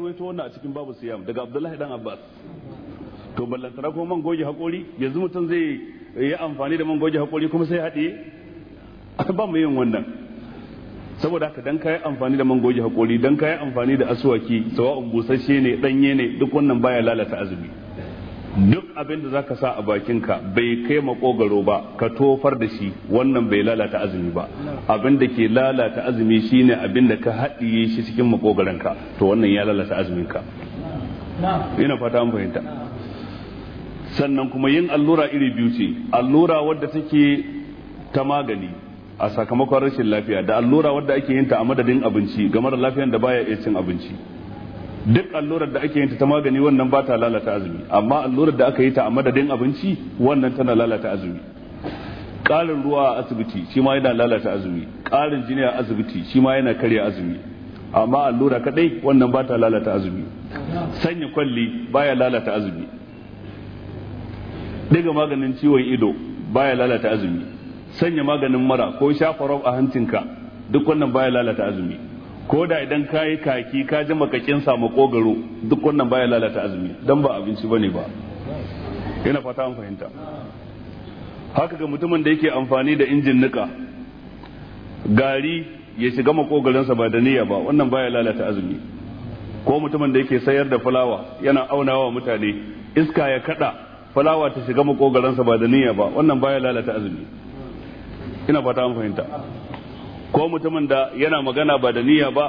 ruwaito wannan a cikin babu siyam daga abdullahi dan abbas to ballantana kuma man goge hakori yanzu mutum zai yi amfani da man goge hakori kuma sai haɗe ba mu yin wannan saboda haka dan kayi amfani da man goge hakori dan kayi amfani da aswaki sawa'un busasshe ne danye ne duk wannan baya lalata azumi abin da ka sa a bakinka bai kai makogaro ba ka tofar da shi wannan bai lalata azumi ba abin da ke lalata azumi shine abin da ka haɗiye shi cikin makogaranka to wannan ya lalata azuminka ina fata fahimta sannan kuma yin allura iri biyu ce allura wadda take ta magani a sakamakon rashin lafiya da allura wadda ake yin ta a madadin abinci game da lafiyan da baya iya cin abinci duk allurar da ake yin ta magani wannan ba ta lalata azumi amma allurar da aka yi ta a madadin abinci wannan tana lalata azumi ƙarin ruwa a asibiti shi ma yana lalata azumi ƙarin jini a asibiti shi ma yana karya azumi amma allura kadai wannan ba ta lalata azumi sanya kwalli baya lalata azumi daga maganin ciwon ido baya lalata azumi sanya maganin mara ko shafa rob a hancinka duk wannan baya lalata azumi ko da idan ka yi kaki ka ji makakin samu kogaro duk wannan baya lalata azumi don ba abinci bane ba ina fata an fahimta haka ga mutumin da yake amfani da injin nika gari ya shiga makogaransa ba da niyya ba wannan baya lalata azumi ko mutumin da yake sayar da fulawa yana aunawa mutane iska ya kada fulawa ta shiga makogaransa ba da niyya ba wannan baya lalata azumi ina fata an fahimta ko mutumin da yana magana ba da niyya ba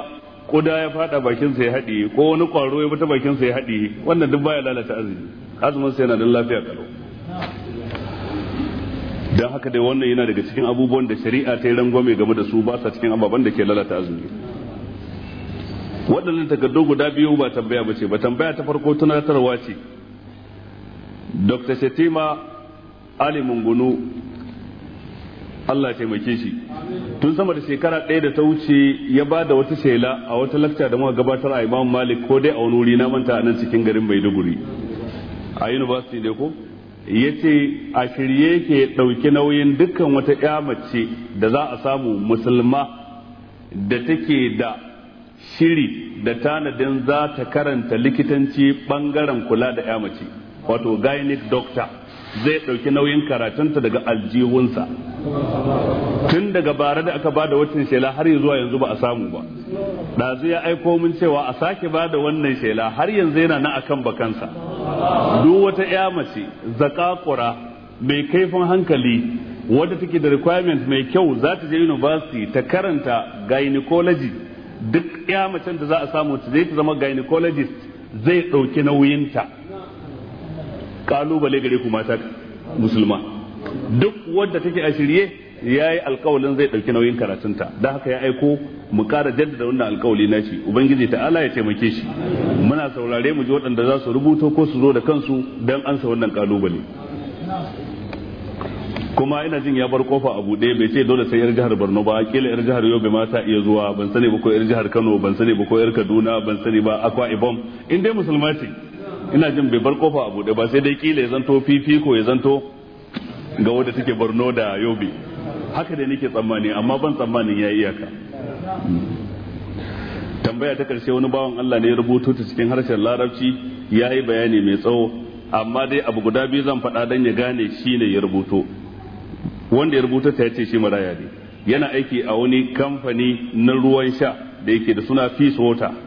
kuda ya fada bakinsa ya haɗiye ko wani kwaro ya bata bakinsa ya haɗiye wannan duk baya lalata azumi azumin sai yana da lafiya kalau dan haka dai wannan yana daga cikin abubuwan da shari'a ta yi rangwame game da su ba sa cikin ababen da ke lalata azumi waɗannan takardu guda biyu ba tambaya ba ce ba tambaya ta farko tunatarwa ce dr shetima ali mungunu Allah taimake shi tun sama da shekara ɗaya da ta wuce ya ba da wata shela a wata lakta da muka gabatar a Imam Malik ko dai a wani wuri na manta nan cikin garin Maiduguri a university ne ko ya ce a shirye ke ɗauki nauyin dukkan wata ƴa mace da za a samu musulma da take da shiri da tanadin za ta karanta likitanci ɓangaren kula da ƴa mace wato gynec doctor zai ɗauki nauyin karatunta daga aljihunsa tun daga bara da aka ba da watan shela har yanzu yanzu ba a samu ba ɗazu ya aiko min cewa a sake ba da wannan shela har yanzu yana na akan bakansa duk wata ya mace zakakura mai kaifin hankali wadda take da requirement mai kyau za ta je university ta karanta gynecology duk ya macen da za a samu ta zai ta zama gynecologist zai ɗauki nauyinta kalubale gare ku mata musulma duk wadda take a shirye ya yi alkawalin zai ɗauki nauyin karatunta da haka ya aiko mu ƙara jaddada wannan alkawali na ubangiji ta ala ya taimake shi muna saurare mu ji waɗanda za su rubuto ko su zo da kansu don ansa wannan kalubale kuma ina jin ya bar kofa a buɗe bai ce dole sai yar jihar Borno ba kila yar jihar Yobe ma ta iya zuwa ban sani ba ko yar jihar Kano ban sani ba ko yar Kaduna ban sani ba Akwa Ibom in dai musulma ce ina jin bai bar kofa a buɗe ba sai dai kila ya zanto fifiko ya zanto ga wadda take borno da yobe haka da nake tsammani amma ban tsammanin ya iyaka tambaya ta karshe wani bawan Allah ne ya rubuto ta cikin harshen larabci ya yi bayani mai tsawo amma dai abu guda biyu zan faɗa don ya gane shi ne ya rubuto wanda ya rubuta ta yace ce shi maraya ne yana aiki a wani kamfani na ruwan sha da yake da suna peace water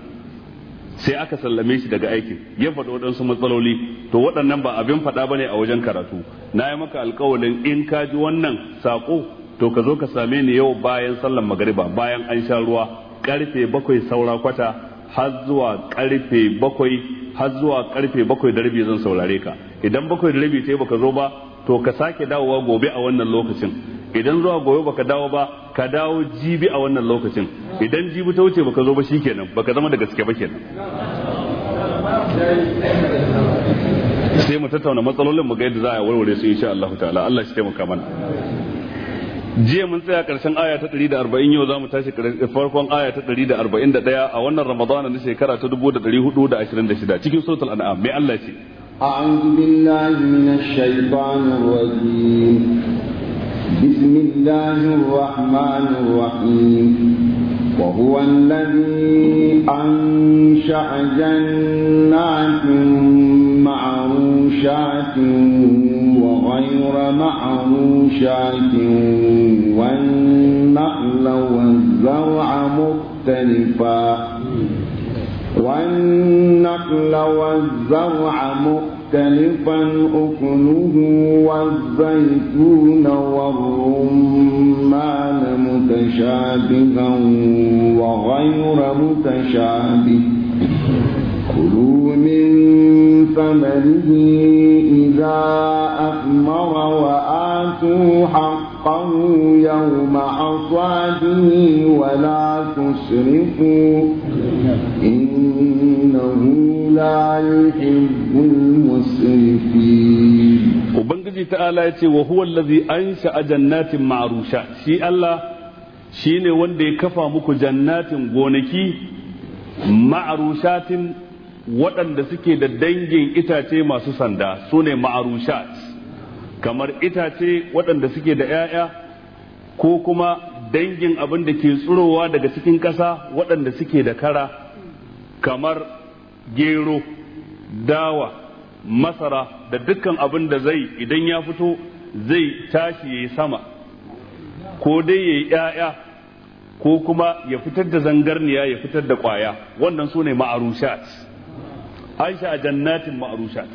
sai aka sallame shi daga aikin ya faɗi waɗansu matsaloli to waɗannan ba abin faɗa ba ne a wajen karatu na yi maka alkawalin in ka ji wannan saƙo to ka zo ka same ni yau bayan sallan magariba bayan an sha ruwa ƙarfe bakwai saura kwata har zuwa ƙarfe bakwai har zuwa ƙarfe bakwai da rabi zan saurare ka idan bakwai da rabi sai baka zo ba to ka sake dawowa gobe a wannan lokacin idan zuwa gobe baka dawo ba ka dawo jibi a wannan lokacin idan jibi ta wuce baka zo ba shikenan baka zama da gaske ba kenan sai mu tattauna matsalolin mu ga yadda za a warware su insha Allah ta'ala Allah shi taimaka mana jiya mun tsaya karshen aya ta 140 yau za mu tashi farkon aya ta 141 a wannan ramadana na shekara ta 1426 cikin suratul an'am mai Allah ce أعوذ بالله من الشيطان الرجيم بسم الله الرحمن الرحيم وهو الذي أنشأ جنات معروشات وغير معروشات والنخل والزرع مختلفا والنخل النخل والزرع مختلفا أكله والزيتون والرمان متشابها وغير متشابه كلوا من ثمره إذا أثمر وآتوا حقه يوم حصاده ولا تسرفوا لا يحب المسرفين وبنجي تعالى يتي وهو الذي أنشأ جنات ma'arusha? Shi الله shi ne wanda ya kafa muku jannatin gonaki ma'arushatin waɗanda suke da dangin itace masu sanda su ne ma'arushat kamar itace waɗanda suke da 'ya'ya ko kuma dangin abin da ke tsurowa daga cikin ƙasa waɗanda suke da kara kamar gero dawa masara da dukkan abin da zai idan ya fito zai tashi ya sama ko dai ya yi ‘ya'ya ko kuma ya fitar da zangarniya ya fitar da ƙwaya wannan su ne ma'arushat aisha a jannatin ma'arushat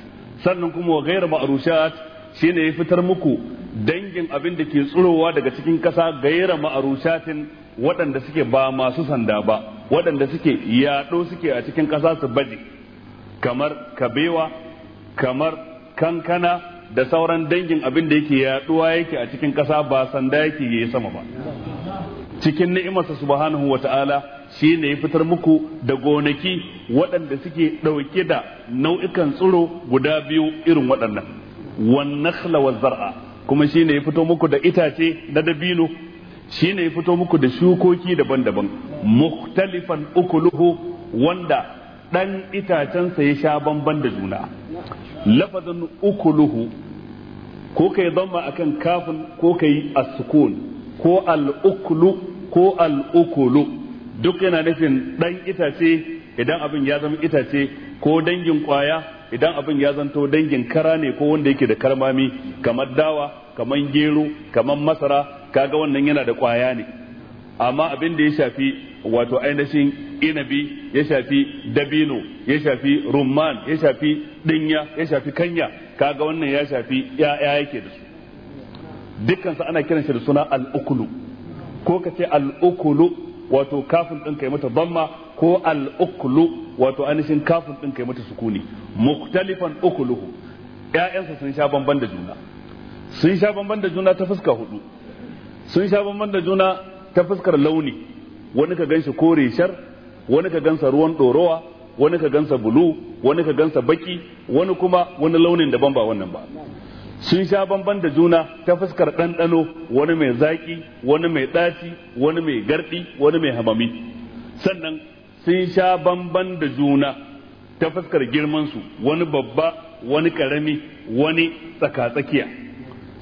sannan kuma wa gaira ma'arushat shi ne ya fitar muku dangin abin da ke tsurowa daga cikin ƙasa gaira ma'arushatin waɗanda suke ba masu sanda ba waɗanda suke yaɗo suke a cikin ƙasa su baje kamar kabewa kamar kankana da sauran dangin abin da yake yaɗuwa yake a cikin ƙasa ba sanda yake yi sama ba cikin ni'imarsa subhanahu wa ta'ala shi ne ya fitar muku da gonaki waɗanda suke ɗauke da nau'ikan tsiro guda biyu irin waɗannan wannan zar'a kuma shi ne ya fito muku da itace na dabino shine ya fito muku da shukoki daban-daban uku ukuluhu wanda ɗan itacensa ya sha bamban da juna lafazin ukuluhu ko kai zama kan kafin ko kai a sukun ko al ko al duk yana nufin ɗan itace idan abin ya zama itace ko dangin kwaya idan abin ya zanto dangin kara ne ko wanda yake da kalmami kamar dawa kamar gero kamar masara kaga wannan yana da kwaya ne amma abin da ya shafi wato ainihin inabi ya shafi dabino ya shafi rumman ya shafi dinya ya shafi kanya kaga wannan ya shafi ya yake da su Dukkansu ana kiran shi da suna al'ukulu ko ka ce al'ukulu wato kafin ɗin kai mata bamma ko al'ukulu wato ainihin kafin ɗin kai mata sukuni muktalifan ukuluhu ƴaƴansa sun sha bamban da juna sun sha bamban da juna ta fuska hudu sun sha bamban da juna ta fuskar launi wani ka shi kore shar wani ka gansa ruwan ɗorowa wani ka gansa bulu wani ka gansa baki wani kuma wani launin daban ba wannan ba sun sha bamban da juna ta fuskar ɗanɗano wani mai zaƙi wani mai ɗaci wani mai garɗi wani mai hamami sannan sun sha bamban da juna ta fuskar girmansu wani babba wani ƙarami wani tsaka tsakiya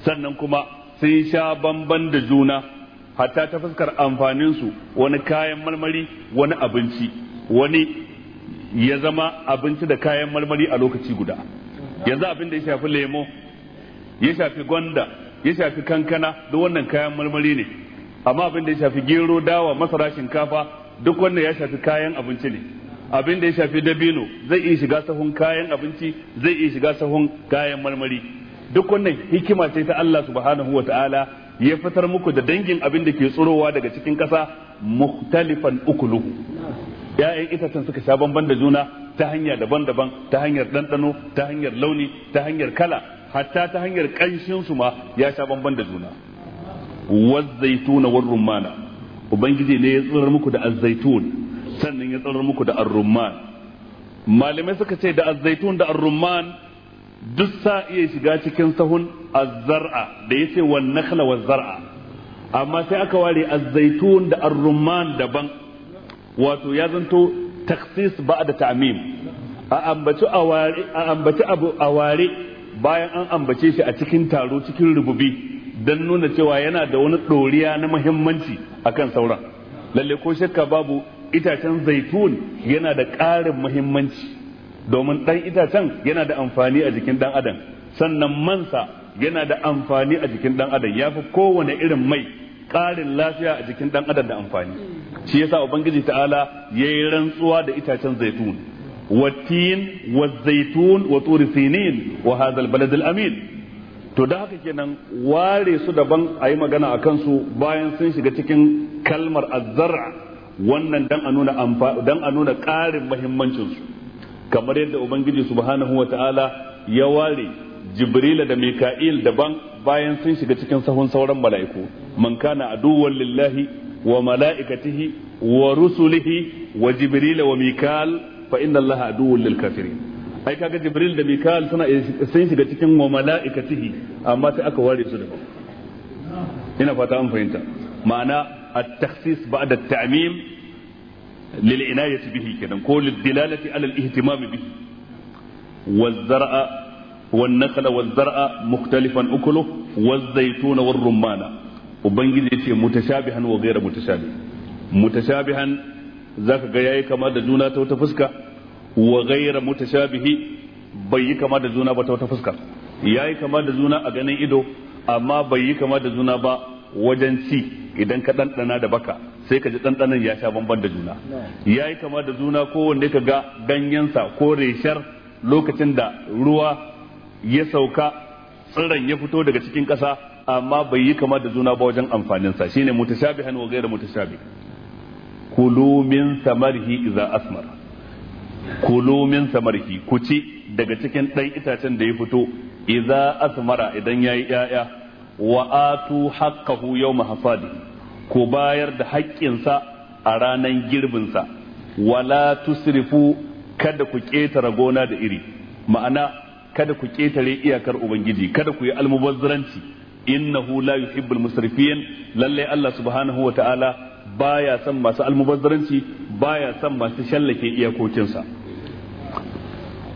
sannan kuma sun sha bamban da juna hatta ta fuskar amfaninsu wani kayan marmari wani abinci wani ya zama abinci da kayan marmari a lokaci guda yanzu abin da ya shafi lemo ya shafi gwanda ya shafi kankana duk wannan kayan marmari ne amma abin da ya shafi gero dawa masara shinkafa duk wannan ya shafi kayan abinci ne abin da ya shafi dabino zai iya shiga sahun kayan abinci zai iya shiga sahun kayan marmari duk wannan hikima ce ta Allah subhanahu wa ta'ala ya fitar muku da dangin abin da ke tsurowa daga cikin ƙasa mukhtalifan ukuluhu ya'yan itacen suka sha bamban da juna ta hanya daban-daban ta hanyar ɗanɗano ta hanyar launi ta hanyar kala hatta ta hanyar ƙanshin su ma ya sha bamban da juna wazzaituna war rummana ubangiji ne ya tsirar muku da azzaitun sannan ya tsirar muku da arrumman malamai suka ce da azzaitun da arrumman duk sa iya shiga cikin sahun azzar'a da yace wan nakhla wa zar'a amma sai aka ware zaitun da ar-rumman daban wato ya zanto takhsis ba'da ta'mim a ambaci aware a ambaci abu aware bayan an ambace shi a cikin taro cikin rububi dan nuna cewa yana da wani doriya na muhimmanci akan sauran lalle ko shakka babu itacen zaitun yana da ƙarin muhimmanci domin ɗan itacen yana da amfani a jikin ɗan adam sannan mansa yana da amfani a jikin ɗan adam ya fi kowane irin mai ƙarin lafiya a jikin ɗan adam da amfani shi yasa ubangiji ta'ala ya yi rantsuwa da itacen zaitun wattin wa zaitun wa turi sinin wa hazal balad amin to da haka kenan ware su daban a yi magana a kansu bayan sun shiga cikin kalmar azzara wannan dan a nuna ƙarin mahimmancinsu kamar yadda ubangiji subhanahu wa ta'ala ya ware jibrila da mika'il daban bayan sun shiga cikin sahun sauran mala'iku man kana aduwwan lillahi wa mala'ikatihi wa rusulihi wa jibrila wa mika'il fa inna allaha aduwwun lil kafirin ai kaga jibril da mika'il suna sun shiga cikin wa mala'ikatihi amma sai aka ware su daban ina fata an fahimta ma'ana at-takhsis ba'da at-ta'mim lil inayati bihi kenan ko lid dilalati ala al ihtimam bihi wal zar'a wal nakla wal zar'a mukhtalifan ukulu wal zaytuna wal rummana ubangiji yace mutashabihan wa ghayra mutashabih mutashabihan zaka ga yayi kama da juna ta wata fuska wa mutashabihi bai yi kama da juna ba ta wata fuska kama da juna a ganin ido amma bai yi kama da juna ba wajen ci idan ka ɗanɗana da baka sai ka ji ɗanɗanan ya sha bamban da juna ya yi kama da juna wanda ka ga ganyensa ko reshar lokacin da ruwa ya sauka tsiran ya fito daga cikin ƙasa amma bai yi kama da juna ba wajen amfaninsa shine hannu wa ghayra mutashabi kulu min samarhi idza asmar kulu min samarhi ku ci daga cikin ɗan itacen da ya fito iza asmara idan yayi yaya wa atu haqqahu yawma hasadi ku bayar da haƙƙinsa a ranar girbinsa wala tusrifu kada ku ƙetare gona da iri ma'ana kada ku ƙetare iyakar ubangiji kada ku yi almubazzaranci innahu la yuhibbul musrifin lalle Allah subhanahu wa ta'ala baya son masu almubazzaranci baya son masu shallake iyakokinsa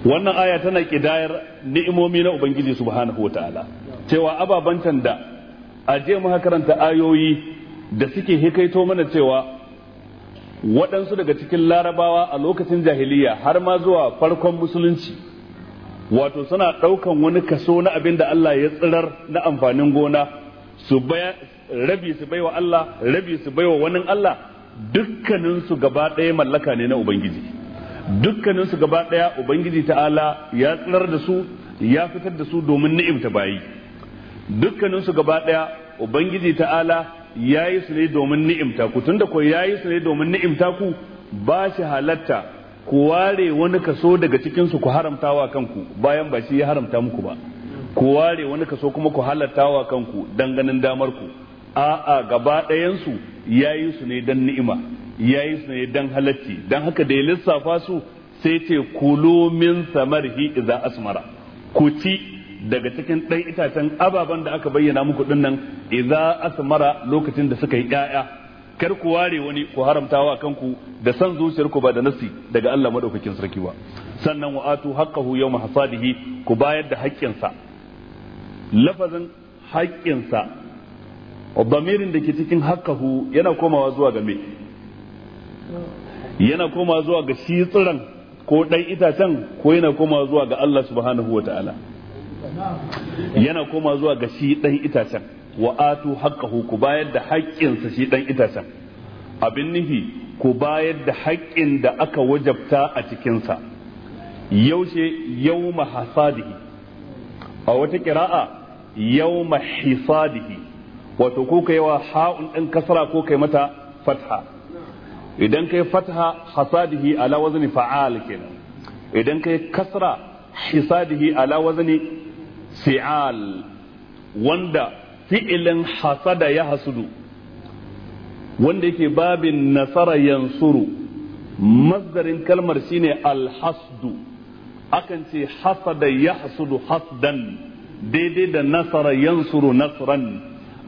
wannan aya tana kidayar ni'imomi na ubangiji subhanahu wa ta'ala cewa ababantan da a je mu karanta ayoyi da suke hikaito mana cewa waɗansu daga cikin larabawa a lokacin jahiliya har ma zuwa farkon musulunci wato suna ɗaukan wani kaso na abin da Allah ya tsirar na amfanin gona su rabi su baiwa Allah rabi su baiwa wani Allah dukkaninsu gaba ɗaya mallaka ne na Ubangiji dukkaninsu gaba ɗaya Ubangiji ta'ala ya tsirar da su ya fitar da su domin ni'imta bayi dukkaninsu gaba ɗaya ubangiji ta'ala yi su ne domin ni'imta ku tun da kuwa ya yi su ne domin ni'imta ku ba shi halatta ku ware wani kaso daga cikinsu ku ku haramtawa kanku bayan ba shi ya haramta muku ba ku ware wani kaso kuma ku wa kanku danganin damar ku a'a gaba ɗayansu su yi su ne dan ni'ima yi su ne don halatti don haka da ya lissafa su sai ce kulu min samarhi za asmara ku ci daga cikin ɗan itacen ababen da aka bayyana muku ɗin nan idza asmara lokacin da suka yi ƴaƴa kar ku ware wani ku haramtawa kanku da san zuciyarku ba da nasi daga Allah madaukakin sarki ba sannan wa atu haqqahu yawma hasadihi ku bayar da haƙƙinsa lafazin haƙƙinsa damirin da ke cikin haqqahu yana komawa zuwa ga me yana komawa zuwa ga shi tsiran ko ɗan itacen ko yana komawa zuwa ga Allah subhanahu wataala yana koma zuwa ga shi dan itacen wa atu haqqahu ku bayar da haƙƙinsa shi dan itacen abin nufi ku bayar da haƙƙin da aka wajabta a cikinsa yaushe yawma hasadihi a wata kira'a yawma hisadihi wato ko kai wa ha'un din kasra ko kai mata fatha idan kai fatha hasadihi ala wazni fa'al kenan idan kai kasra hisadihi ala wazni fi'al wanda fi'ilin hasada ya hasudu wanda yake babin nasara yansuru mazdarin kalmar shine alhasdu akan ce hasada ya hasudu hasdan daidai da nasara yansuru nasran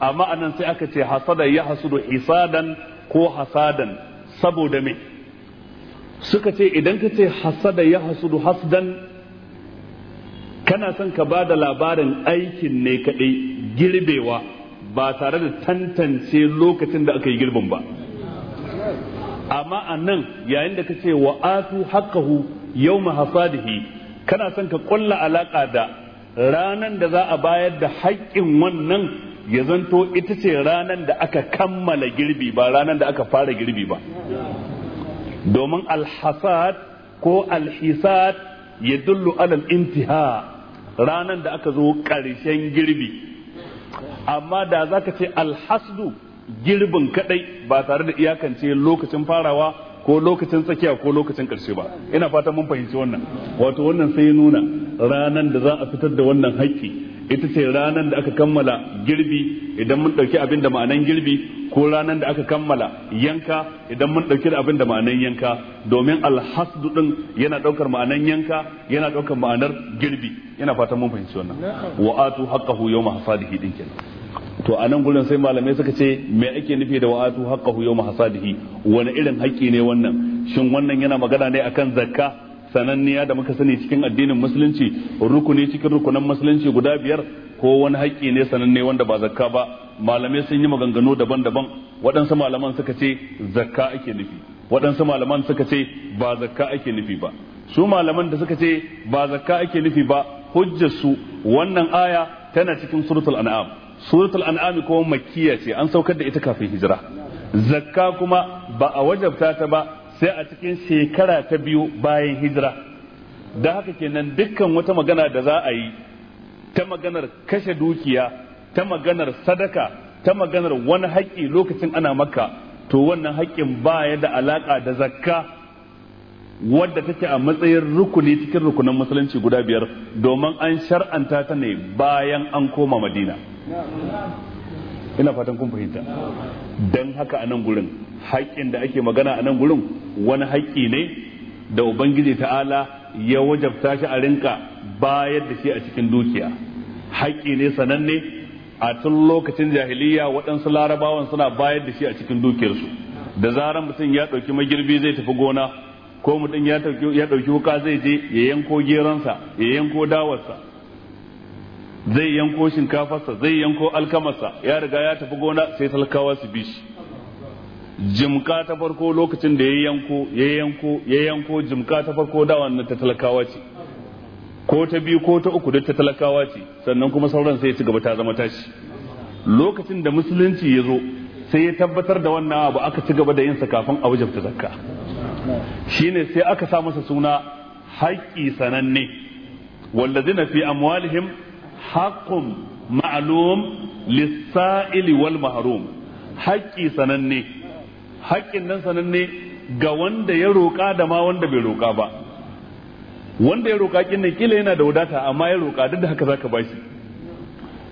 amma anan sai aka ce hasada ya hasudu hisadan ko hasadan saboda me suka ce idan ka ce hasada ya hasudu hasdan kana son ka ba da labarin aikin ne kaɗai girbewa ba tare da tantance lokacin da aka yi girbin ba amma a nan yayin da ka ce wa atu haqqahu yawma hasadihi kana son ka ƙulla alaƙa da ranar da za a bayar da haƙƙin wannan ya zanto ita ce ranar da aka kammala girbi ba ranar da aka fara girbi ba domin alhasad ko alhisad ya dullu alal intiha ranan da aka zo ƙarshen girbi amma da za ka ce alhasdu girbin kadai ba tare da iyakance lokacin farawa ko lokacin tsakiya ko lokacin ƙarshe ba ina fata mun fahimci wannan wato wannan sai nuna ranan da za a fitar da wannan haƙƙi ita ce ranar da aka kammala girbi idan mun ɗauki abin da ma'anan girbi ko ranar da aka kammala yanka idan mun ɗauki da abin da ma'anan yanka domin alhasdu din yana ɗaukar ma'anan yanka yana ɗaukar ma'anar girbi yana fatan mun fahimci wannan wa atu haqqahu yawma hasadihi din kenan to a nan gurin sai malamai suka ce me ake nufi da wa atu haqqahu yawma hasadihi wani irin haƙƙi ne wannan shin wannan yana magana ne akan zakka sananniya da muka sani cikin addinin musulunci rukuni cikin rukunan musulunci guda biyar ko wani haƙƙi ne sananne wanda ba zakka ba malamai sun yi maganganu daban-daban waɗansu malaman suka ce zakka ake nufi waɗansu malaman suka ce ba zakka ake nufi ba su malaman da suka ce ba zakka ake nufi ba hujjar su wannan aya tana cikin suratul an'am suratul an'am ko makkiya ce an saukar da ita kafin hijira zakka kuma ba a wajabta ta ba sai a cikin shekara ta biyu bayan hijira da haka kenan dukkan wata magana da za a yi ta maganar kashe dukiya ta maganar sadaka ta maganar wani haƙƙi lokacin ana maka to wannan haƙƙin baya da alaƙa da zakka wadda take a matsayin rukuni cikin rukunan musulunci guda biyar domin an shar'anta ta ne bayan an koma madina ina fatan kun fahimta dan haka a nan gurin haƙƙin da ake magana a nan gurin wani haƙƙi ne da ubangiji ta'ala ya wajabta shi a rinka bayar da shi a cikin dukiya haƙƙi ne sananne a tun lokacin jahiliya waɗansu larabawan suna bayar da shi a cikin dukiyarsu da zarar mutum ya ɗauki magirbi zai tafi gona ko mutum ya ɗauki wuka zai je ya yanko geronsa ya yanko dawarsa zai yanko shinkafarsa zai yanko alkamarsa ya riga ya tafi gona sai talakawa su bi shi jimka ta farko lokacin da ya yanko ya yanko ya yanko jimka ta farko da wannan ta talakawa ce ko ta biyu ko ta uku duk ta talakawa ce sannan kuma sauran sai ya ci gaba ta zama tashi lokacin da musulunci ya zo sai ya tabbatar da wannan abu aka ci gaba da yin sa kafin a ta zakka shine sai aka sa masa suna haƙƙi sananne wallazina fi amwalihim حق معلوم للسائل والمحروم حقي سنني haƙƙi sananne haƙƙin nan sananne ga wanda ya roƙa da ma wanda bai roƙa ba wanda ya roƙa kin kila yana da wadata amma ya roƙa duk da haka zaka bashi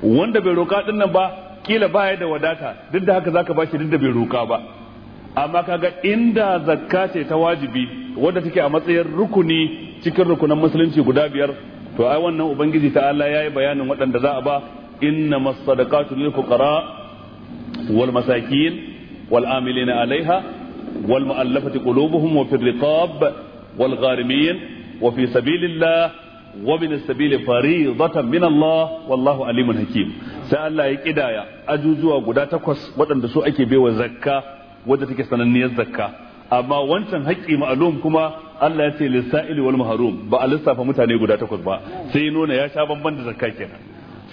wanda bai roƙa din nan ba kila baya da wadata duk da haka zaka bashi duk da bai roƙa ba amma kaga inda zakka ce ta wajibi wadda take a matsayin rukuni cikin rukunan musulunci guda biyar to ai wannan ubangiji ta Allah yayi bayanin waɗanda za a ba inna masadaqatu lil fuqara wal masakin wal amilina alaiha wal mu'allafati qulubuhum wa fil riqab wal gharimin wa fi sabilillah wa min sabil fariidatan min Allah wallahu alimun hakim sai Allah ya kidaya ajujuwa guda takwas waɗanda su ake baiwa zakka wadda take sananniyar zakka amma wancan haƙƙi ma'lum kuma Allah ya ce lissa'ili wal mahrum ba a lissafa mutane guda takwas ba sai nuna ya sha bamban da zakka kenan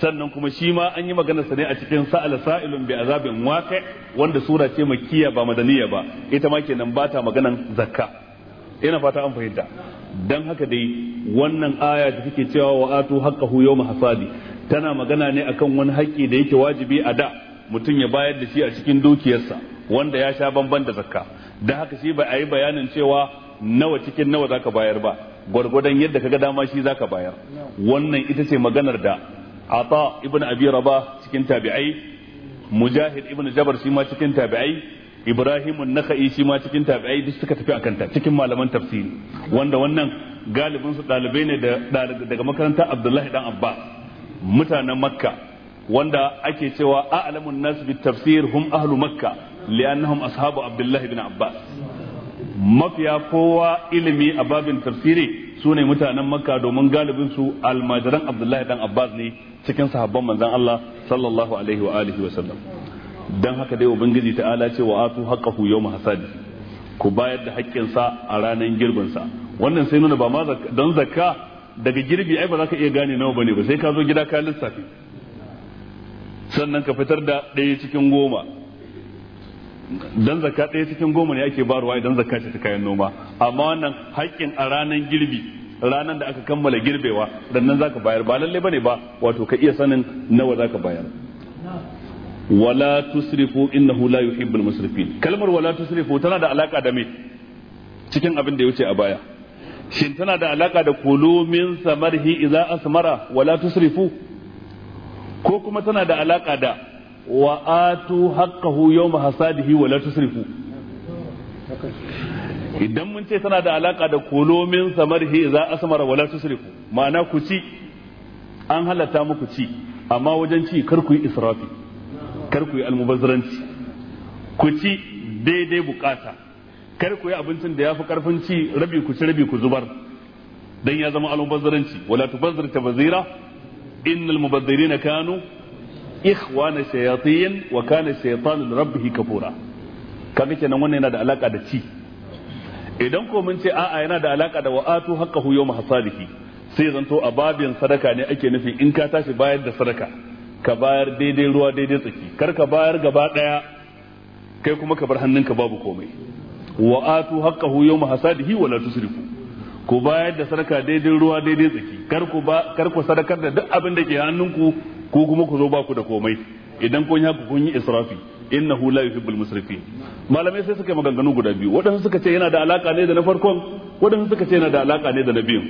sannan kuma shi ma an yi maganar sa ne a cikin sa'ala sa'ilun bi azabin waqi wanda sura ce makkiya ba madaniya ba ita ma kenan ba ta maganan zakka ina fata an fahimta dan haka dai wannan aya da take cewa wa atu haqqahu yawma hasadi tana magana ne akan wani haƙƙi da yake wajibi a da mutum ya bayar da shi a cikin dukiyarsa wanda ya sha bamban da zakka dan haka shi ba a yi bayanin cewa nawa cikin nawa zaka bayar ba gwargwadon yadda kaga dama shi zaka bayar wannan ita ce maganar da ata ibn abi rabah cikin tabi'ai mujahid ibn jabr shi ma cikin tabi'ai Ibrahim Naka'i shi ma cikin tabi'ai duk suka tafi akan ta cikin malaman tafsiri wanda wannan galibin su dalibai ne daga makarantar Abdullahi dan Abba mutanen Makka wanda ake cewa a'lamun nas bi tafsir hum ahlu makka li'annahum ashabu abdullahi bin abbas mafiya kowa ilimi a babin tafsiri sune mutanen makka domin galibin su almajiran abdullahi dan abbas ne cikin sahabban manzon Allah sallallahu alaihi wa alihi wa sallam dan haka dai ubangiji ta'ala ce wa atu haqqahu yawma hasadi ku bayar da sa a ranar sa wannan sai nuna ba ma don zakka daga girbi ai ba za ka iya gane nawa bane ba sai ka zo gida ka lissafi sannan ka fitar da ɗaya cikin goma don zakka ɗaya cikin goma ne ake barwa idan zakka ce ta kayan noma amma wannan haƙƙin a ranar girbi ranar da aka kammala girbewa za zaka bayar ba lalle bane ba wato ka iya sanin nawa zaka bayar wala tusrifu innahu la yuhibbul musrifin kalmar wala tusrifu tana da alaka da me cikin abin da ya wuce a baya shin tana da alaka da kulumin samarhi idza asmara wala tusrifu ko kuma tana da alaka da wa'atu atu haqqahu yawma hasadihi wa la tusrifu idan mun ce tana da alaka da kolomin samarhi za asmara wa la tusrifu ma'ana ku ci an halatta muku ci amma wajen ci kar ku yi israfi kar ku yi almubazzaranci ku ci daidai bukata kar ku yi abincin da ya fi karfin ci rabi ku ci rabi ku zubar dan ya zama almubazzaranci wala tubazzir tabazira innal mubaddilina kanu ikhwana shayatin wa kana shaytanu li rabbih kafura kaga kenan wannan yana da alaka da ci idan ko mun ce a'a yana da alaka da wa'atu haqqahu yawm hasadihi sai zanto a babin sadaka ne ake nufi in ka tashi bayar da sadaka ka bayar daidai ruwa daidai tsaki kar ka bayar gaba ɗaya kai kuma ka bar hannunka babu komai wa'atu haqqahu yawm hasadihi wa la ku bayar da sadaka daidai ruwa daidai tsaki kar ku ba sadakar da duk abin da ke hannunku ku kuma ku zo ba ku da komai idan kun haka kun yi israfi innahu la yuhibbul musrifin malamai sai suka yi maganganu guda biyu wadansu suka ce yana da alaka ne da na farkon wadansu suka ce yana da alaka ne da na biyun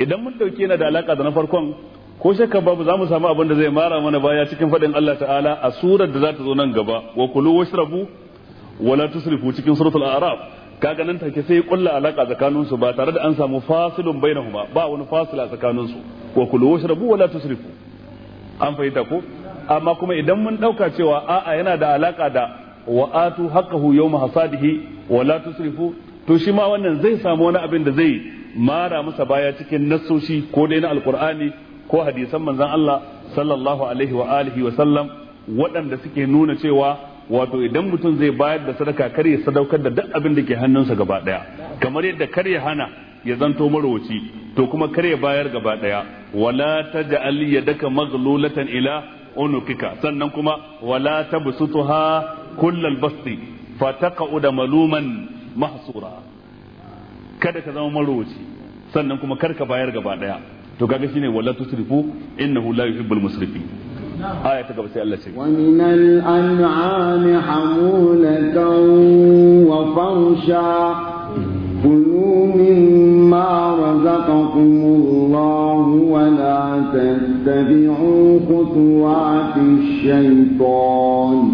idan mun dauke yana da alaka da na farkon ko shakka babu za mu samu abin da zai mara mana baya cikin faɗin Allah ta'ala a surar da za ta zo nan gaba wa kulu washrabu wala tusrifu cikin suratul a'raf kaga nan take sai kulla alaka tsakanin su ba tare da an samu fasilun bainahuma ba wani fasila tsakanin su wa kulu washrabu wala tusrifu an fahimta ko amma kuma idan mun dauka cewa a'a yana da alaka da wa atu haqqahu yawma hasadihi wala tusrifu to shi ma wannan zai samu wani abin da zai mara masa baya cikin nassoshi ko dai na alqur'ani ko hadisan manzon Allah sallallahu alaihi wa alihi wa sallam waɗanda suke nuna cewa wato idan mutum zai bayar da sadaka kar ya sadaukar da duk abin da ke hannunsa gaba daya kamar yadda kar ya hana ya zanto marowaci to kuma kar ya bayar gaba daya wala taj'al yadaka maghlulatan ila unukika sannan kuma wala tabsutuha kullal basti fataqa'uda maluman mahsura kada ka zama marowaci sannan kuma kar ka bayar gaba daya to kaga shine wala tusrifu innahu la yuhibbul musrifin آية قبسي الله ومن الأنعام حمولة وفرشا كلوا مما رزقكم الله ولا تتبعوا خطوات الشيطان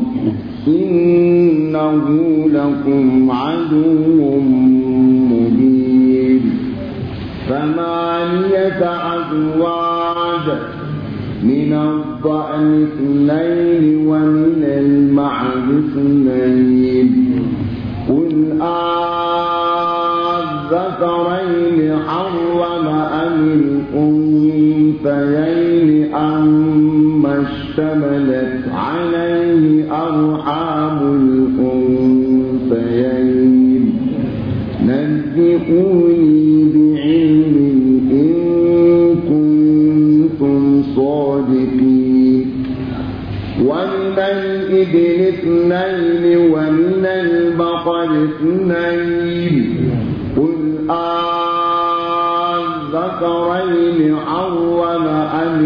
إنه لكم عدو مبين ثمانية أزواج من الضأن اثنين ومن المعنى اثنين ومن البقر اثنين قل أذكرين حرم أم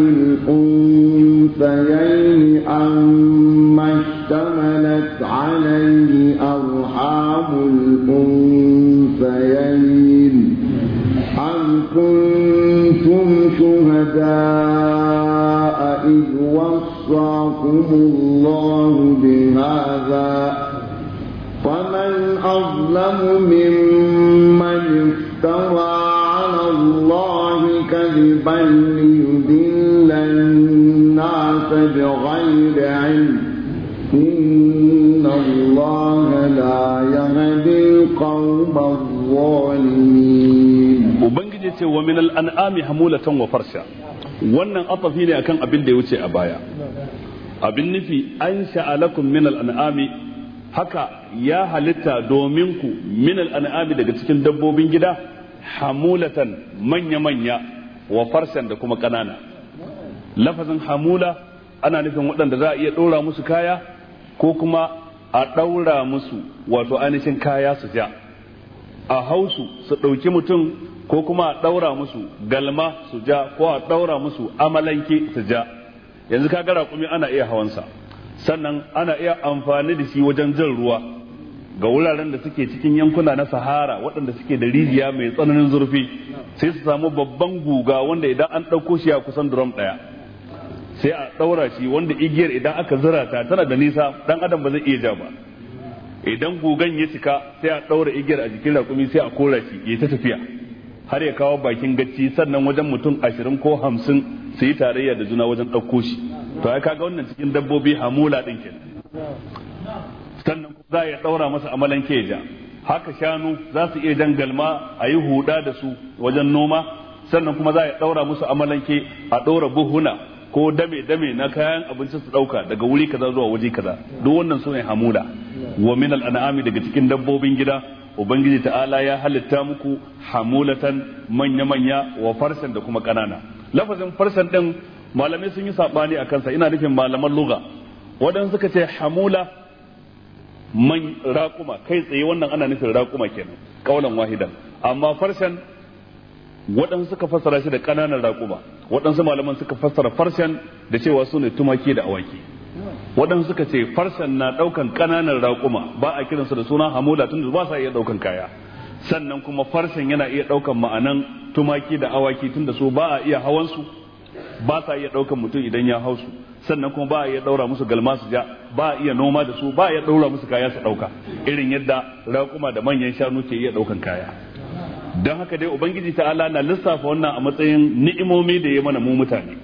الأنثيين أما اشتملت عليه أرحام الأنثيين أم كنتم شهداء إذ وصاكم أظلم ممن افترى على الله كذبا ليذل الناس بغير علم إن الله لا يهدي القوم الظالمين وبنجي ومن الأنعام حمولة وفرشا wannan atafi ne akan abin da ya wuce a baya abin nufi an sha'alakum min al'an'ami haka ya halitta domin ku minal an'ami daga cikin dabbobin gida hamulatan manya-manya wa farsan da kuma ƙanana lafazin hamula ana nufin waɗanda za a iya ɗora musu kaya ko kuma a ɗaura musu wato ainihin kaya su ja a hausu su ɗauki mutum ko kuma a ɗaura musu galma su ja ko a ɗaura musu amalanke su ja yanzu ka gara kuma ana iya hawansa sannan ana iya amfani da shi wajen jan ruwa ga wuraren da suke cikin yankuna na sahara waɗanda suke da rijiya mai tsananin zurfi sai su samu babban guga wanda idan an ɗauko shi a kusan drum ɗaya sai a ɗaura shi wanda igiyar idan aka zira ta tana da nisa ɗan adam ba zai iya ja ba idan gugan ya cika sai a ɗaura igiyar a jikin raƙumi sai a kora shi ya ta tafiya har ya kawo bakin gacci sannan wajen mutum ashirin ko hamsin su yi tarayya da juna wajen ɗauko shi to ai kaga wannan cikin dabbobi hamula din ke. sannan za ya daura masa amalan keja haka shanu za su iya dangalma galma a yi huda da su wajen noma sannan kuma za ya daura musu amalanke a daura buhuna ko dame dame na kayan abinci su dauka daga wuri kaza zuwa waje kaza duk wannan su ne hamula wa min an'ami daga cikin dabbobin gida ubangiji ta'ala ya halitta muku hamulatan manya manya wa farsan da kuma kanana lafazin farsan din malamai sun yi saɓani a kansa ina nufin malaman luga waɗansu suka ce hamula man raƙuma kai tsaye wannan ana nufin raƙuma kenan kaulan wahidan amma farshen waɗansu suka fassara shi da ƙananan raƙuma waɗansu malaman suka fassara farshen da cewa su ne tumaki da awaki waɗansu suka ce farshen na ɗaukan ƙananan raƙuma ba a kiransu da suna hamula tun ba sa iya ɗaukan kaya sannan kuma farshen yana iya ɗaukan ma'anan tumaki da awaki tun da su ba a iya hawansu ba sa iya ɗaukan mutum idan ya hausu sannan kuma ba a iya ɗaura musu galma su ja ba a iya noma da su ba a iya ɗaura musu kaya su ɗauka irin yadda raƙuma da manyan shanu ke iya ɗaukan kaya don haka dai ubangiji ta'ala na lissafa wannan a matsayin ni'imomi da ya mana mu mutane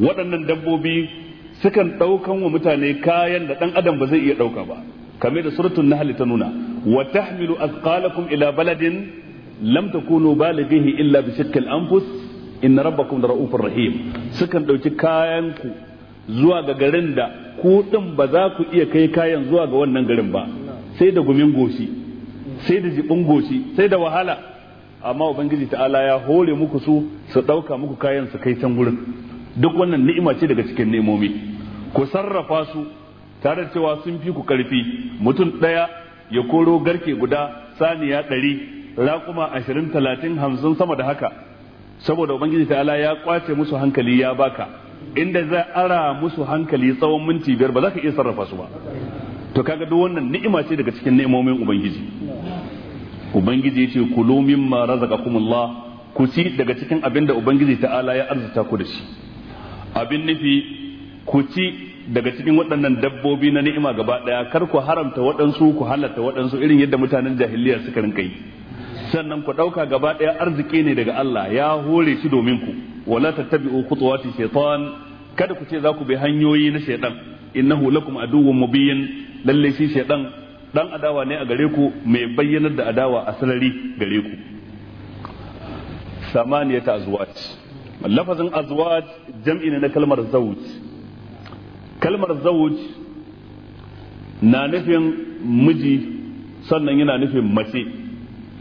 waɗannan dabbobi sukan ɗaukan wa mutane kayan da ɗan adam ba zai iya ɗauka ba kamar da suratun nahl ta nuna wa tahmilu athqalakum ila baladin lam takunu balighihi illa bi shakkil anfus inna rabbakum da ra'ufur rahim sukan ɗauki kayan ku zuwa ga garin da ku din ba za ku iya kai kayan zuwa ga wannan garin ba sai da gumin goshi sai da jibin goshi sai da wahala amma ubangiji ta'ala ya hore muku su su ɗauka muku kayan su kai can gurin duk wannan ni'ima ce daga cikin nemomi ku sarrafa su tare da cewa sun fi ku karfi mutum ɗaya ya koro garke guda saniya ɗari raƙuma ashirin talatin hamsin sama da haka saboda ubangiji ta'ala ya kwace musu hankali ya baka inda za ara musu hankali tsawon minti biyar ba za ka iya sarrafa su ba to kaga duk wannan ni'ima ce daga cikin ni'imomin ubangiji ubangiji yace kulu mimma razaqakumullah ku ci daga cikin abin da ubangiji ta'ala ya arzuta ku da shi abin nufi ku ci daga cikin waɗannan dabbobi na ni'ima gaba ɗaya kar ku haramta waɗansu ku halatta waɗansu irin yadda mutanen jahiliya suka rinka yi sannan ku ɗauka gaba ɗaya arziki ne daga Allah ya hore shi domin ku wala tattabi'u khutuwati shaytan kada ku ce za ku bi hanyoyi na shaytan innahu lakum aduwwun mubin lalle shi shaytan dan adawa ne a gare ku mai bayyanar da adawa a sarari gare ku samaniyata azwaj lafazin azwaj jam'i ne na kalmar zawj kalmar zawj na nufin miji sannan yana nufin mace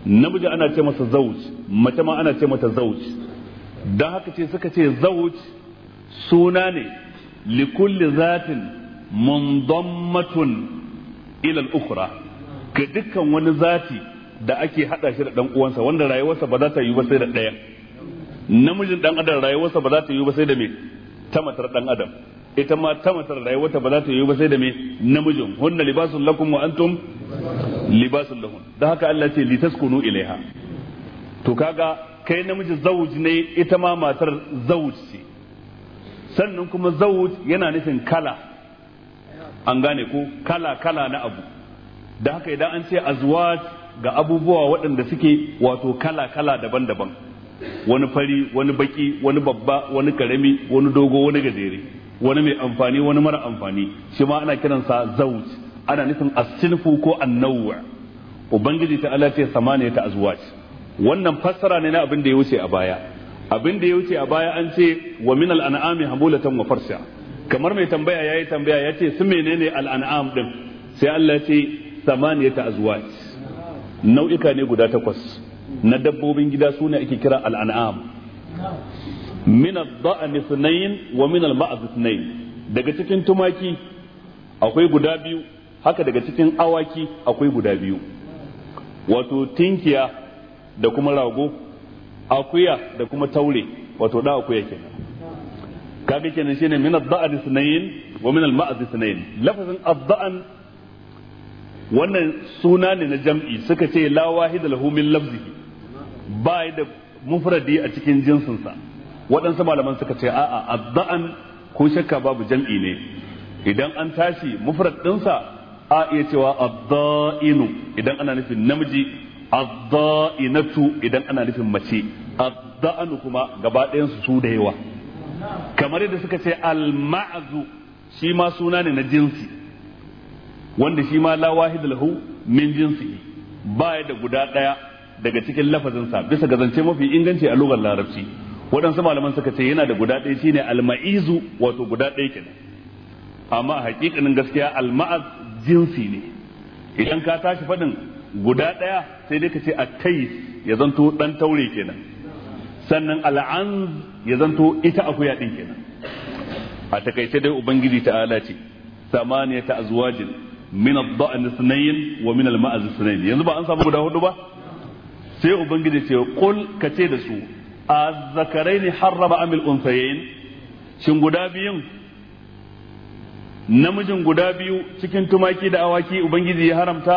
namiji ana ce masa zauj mace ma ana ce mata zauj don haka ce suka ce zauj suna ne likulli zatin mundammatun ila ilal ukhra ga dukkan wani zati da ake hada shi da dan uwansa wanda rayuwarsa ba za ta yi ba sai da ɗaya namijin dan adam rayuwarsa ba za ta yi ba sai da me ta matar dan adam ita ma ta matar rayuwarta ba za ta yi ba sai da me namijin hunna libasun lakum wa antum libasun lahun da haka Allah ce litaskunu ilaiha to kaga kai namiji zawuj ne ita ma matar zawuj ce sannan kuma zawuj yana nufin kala an gane ko kala kala na abu da haka idan an ce azwaj ga abubuwa waɗanda suke wato kala kala daban-daban wani fari wani baki wani babba wani karami wani dogo wani gajere wani mai amfani wani mara amfani shi ma ana kiransa zauj ana nufin asinfu ko Annawwa. ubangiji ta Allah ce samaniya ta azwaj wannan fassara ne na abin da ya wuce a baya abin da ya wuce a baya an ce wa min an'ami hamulatan wa farsha. kamar mai tambaya yayi tambaya ya ce su menene al'an'am din sai Allah ce samaniya ta azwaj nau'ika ne guda takwas na dabbobin gida suna ake kira al'an'am min ad-da'n ithnayn wa min al-ma'z ithnayn daga cikin tumaki akwai guda biyu haka daga cikin awaki akwai guda biyu wato tinkiya da kuma rago akuya da kuma taure wato da akuya kenan kaga kenan shine min ad-da'n ithnayn wa min al-ma'z ithnayn lafazin ad-da'n wannan suna ne na jam'i suka ce la wahid lahu min lafzihi ba da mufradi a cikin jinsinsa waɗansu malaman suka ce a'a adda'an ko shakka babu jam'i ne idan an tashi mufrad dinsa a iya cewa adda'inu idan ana nufin namiji adda'inatu idan ana nufin mace adda'anu kuma gaba ɗayan su da yawa kamar yadda suka ce al-ma'zu shi ma suna ne na jinsi wanda shi ma la wahid lahu min jinsi ba ya da guda ɗaya daga cikin lafazinsa bisa ga zance mafi inganci a lugar larabci waɗansu malaman suka ce yana da guda ɗaya shine alma'izu wato guda ɗaya kenan amma a hakikanin gaskiya alma'az jinsi ne idan ka tashi faɗin guda ɗaya sai dai ka ce kai ya zanto ɗan taure kenan sannan al'an ya zanto ita akuya ɗin kenan a takaice dai ubangiji ta'ala ce ta azwajin min ad-da'n ithnayn wa min al-ma'az ithnayn yanzu ba an samu guda hudu ba sai ubangiji ce qul kace da su azzakaraini harrama amil unsayin shin guda biyun namijin guda biyu cikin tumaki da awaki ubangiji ya haramta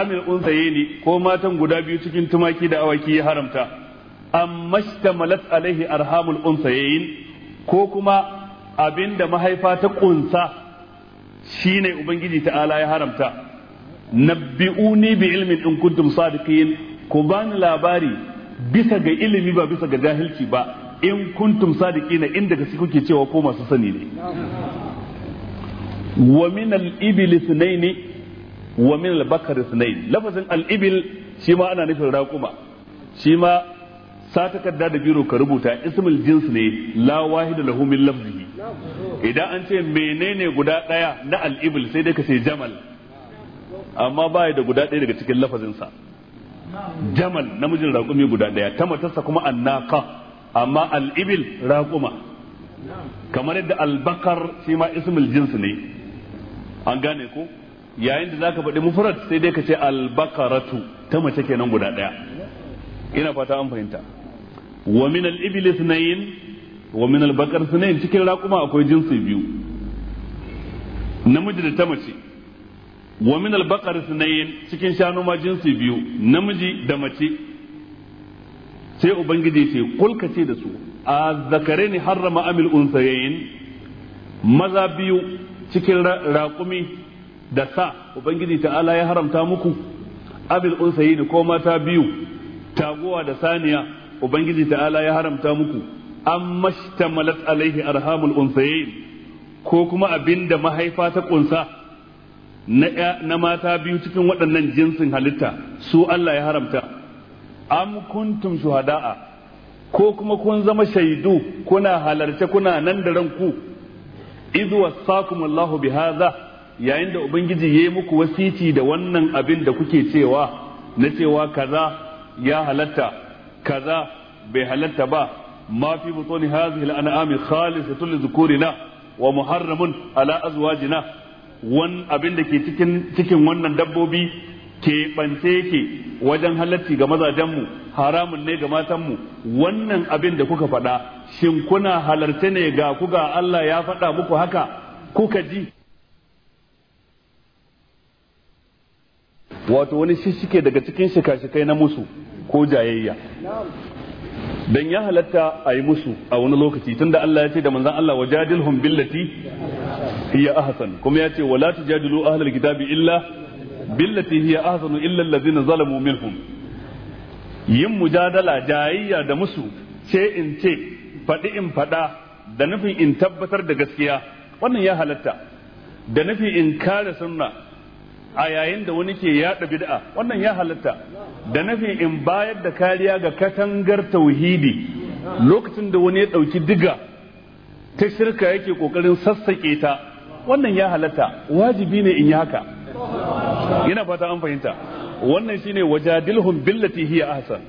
amil unsayaini ko matan guda biyu cikin tumaki da awaki ya haramta amma shtamalat alaihi arhamul unsayin ko kuma abinda mahaifa ta kunsa shine ubangiji ta'ala ya haramta nabbi'uni bi ilmin in kuntum sadiqin ku bani labari bisa ga ilimi ba bisa ga jahilci ba in kuntum na inda gaske kuke cewa ko masu sani ne wa min al-ibil ithnayn wa min al-bakar lafazin al-ibil shi ma ana nufin raƙuma shi ma sa takarda da biro ka rubuta ismul jins ne la wahida lahu min lafzihi idan an ce menene guda daya na al-ibil sai dai ka ce jamal amma ba da guda daya daga cikin lafazinsa sa jamal namijin raƙumi guda ɗaya ta matarsa kuma annaka amma al'ibil raƙuma kamar yadda albakar shi ma ismul jinsu ne an gane ko yayin da zaka faɗi mufrad sai dai ka ce albakaratu ta mace kenan guda ɗaya ina fata an fahimta wa min al-ibil ithnayn wa min al-baqar ithnayn cikin raƙuma akwai jinsi biyu namiji da ta mace wa min al-baqar sunayn cikin shanu ma jinsi biyu namiji da mace sai ubangiji ce kul ce da su a azzakaraini harrama amil unsayayn maza biyu cikin raƙumi da sa ubangiji ta'ala ya haramta muku abil unsayayn ko mata biyu taguwa da saniya ubangiji ta'ala ya haramta muku an shtamalat alaihi arhamul unsayayn ko kuma abinda mahaifa ta kunsa na mata biyu cikin waɗannan jinsin halitta su Allah ya haramta am kuntum shuhada'a ko kuma kun zama shaidu kuna halarce kuna nan da ranku idh wassakum Allahu bihaza yayin da ubangiji ya yi muku wasiti da wannan abin da kuke cewa na cewa kaza ya halatta kaza bai halatta ba ma fi butuni hadhihi al-an'ami khalisatun li dhukurina wa muharramun ala azwajina Wani abin da ke cikin wannan dabbobi ke bance yake wajen halatti ga mazajenmu haramun ne ga matanmu wannan abin da kuka faɗa shin kuna halarta ne ga kuga Allah ya faɗa muku haka kuka ji wato wani shishike daga cikin shika-shikai na musu ko jayayya Don ya halatta a yi musu a wani lokaci tunda Allah ya ce da manzan Allah wa wajadilhum billati hiya ahsan kuma yace wala tujadilu ahlal kitabi illa billati hiya ahsanu illa allazina zalamu minhum yin mujadala jayayya da musu ce in ce faɗi in faɗa da nufin in tabbatar da gaskiya wannan ya halatta da nufi in kare sunna a yayin da wani ke yaɗa bid'a wannan ya halatta da nufi in bayar da kariya ga katangar tauhidi lokacin da wani ya ɗauki diga ta shirka yake ƙoƙarin sassaƙe ta wannan ya halatta wajibi ne in yi haka ina fata an fahimta wannan shine wajadilhum billati hiya ahsan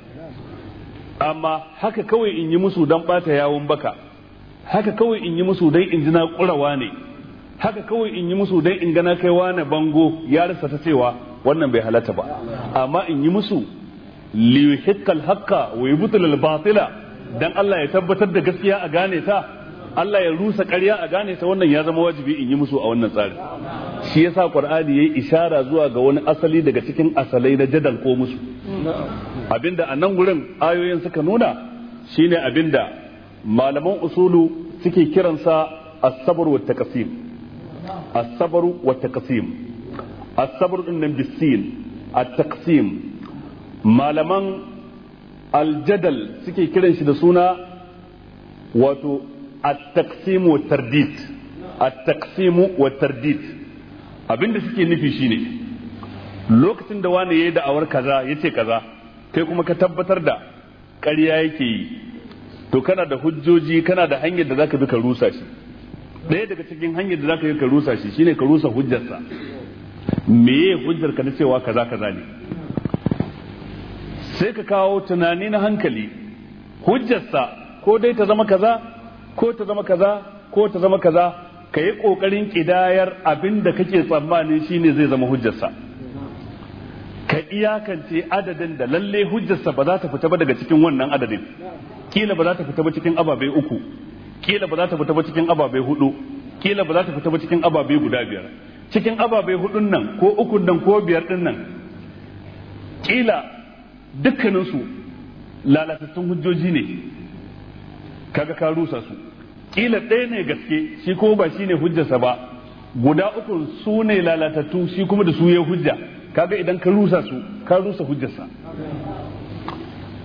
amma haka kawai in yi musu dan bata yawon baka haka kawai in yi musu don in ji kurawa ne haka kawai in yi musu don in gana kaiwa na bango ya rasa ta cewa wannan bai halatta ba amma in yi musu liyuhikkal hakka wai yubtilal batila dan Allah ya tabbatar da gaskiya a gane ta Allah ya rusa ƙarya a gane ta wannan ya zama wajibi in yi musu a wannan tsarin shi yasa qur'ani yayi ishara zuwa ga wani asali daga cikin asalai na jadal ko musu abinda a nan wurin ayoyin suka nuna shine abinda malaman usulu suke kiransa as-sabr wa taqsim as-sabr wa taqsim as-sabr din nan bisin at-taqsim malaman Aljadal suke kiran shi da suna wato التقسيم والترديد التقسيم والترديد abinda suke nufi shine lokacin da wani ya da awar kaza ya ce kaza kai kuma ka tabbatar da ƙarya yake yi to kana da hujjoji kana da hanyar da zaka bi ka rusa shi ɗaya daga cikin hanyar da zaka yi ka rusa shi shine ka rusa hujjarsa meye hujjar ka na cewa kaza kaza ne sai ka kawo tunani na hankali hujjarsa ko dai ta zama kaza ko ta zama kaza ko ta zama kaza ka yi kokarin kidayar abin da kake tsammani ne zai zama hujjarsa ka iyakance adadin da lalle hujjarsa ba za ta fita ba daga cikin wannan adadin kila ba za ta fita ba cikin ababe uku kila ba za ta fita ba cikin ababe hudu kila ba za ta fita ba cikin ababe guda biyar cikin ababe hudun nan ko ukun nan ko biyar din nan kila dukkaninsu lalatattun hujjoji ne kaga ka rusa su kila ɗaya ne gaske shi kuma ba shine hujjarsa ba guda uku su ne lalatattu shi kuma da su ya hujja kaga idan ka rusa su ka rusa hujjarsa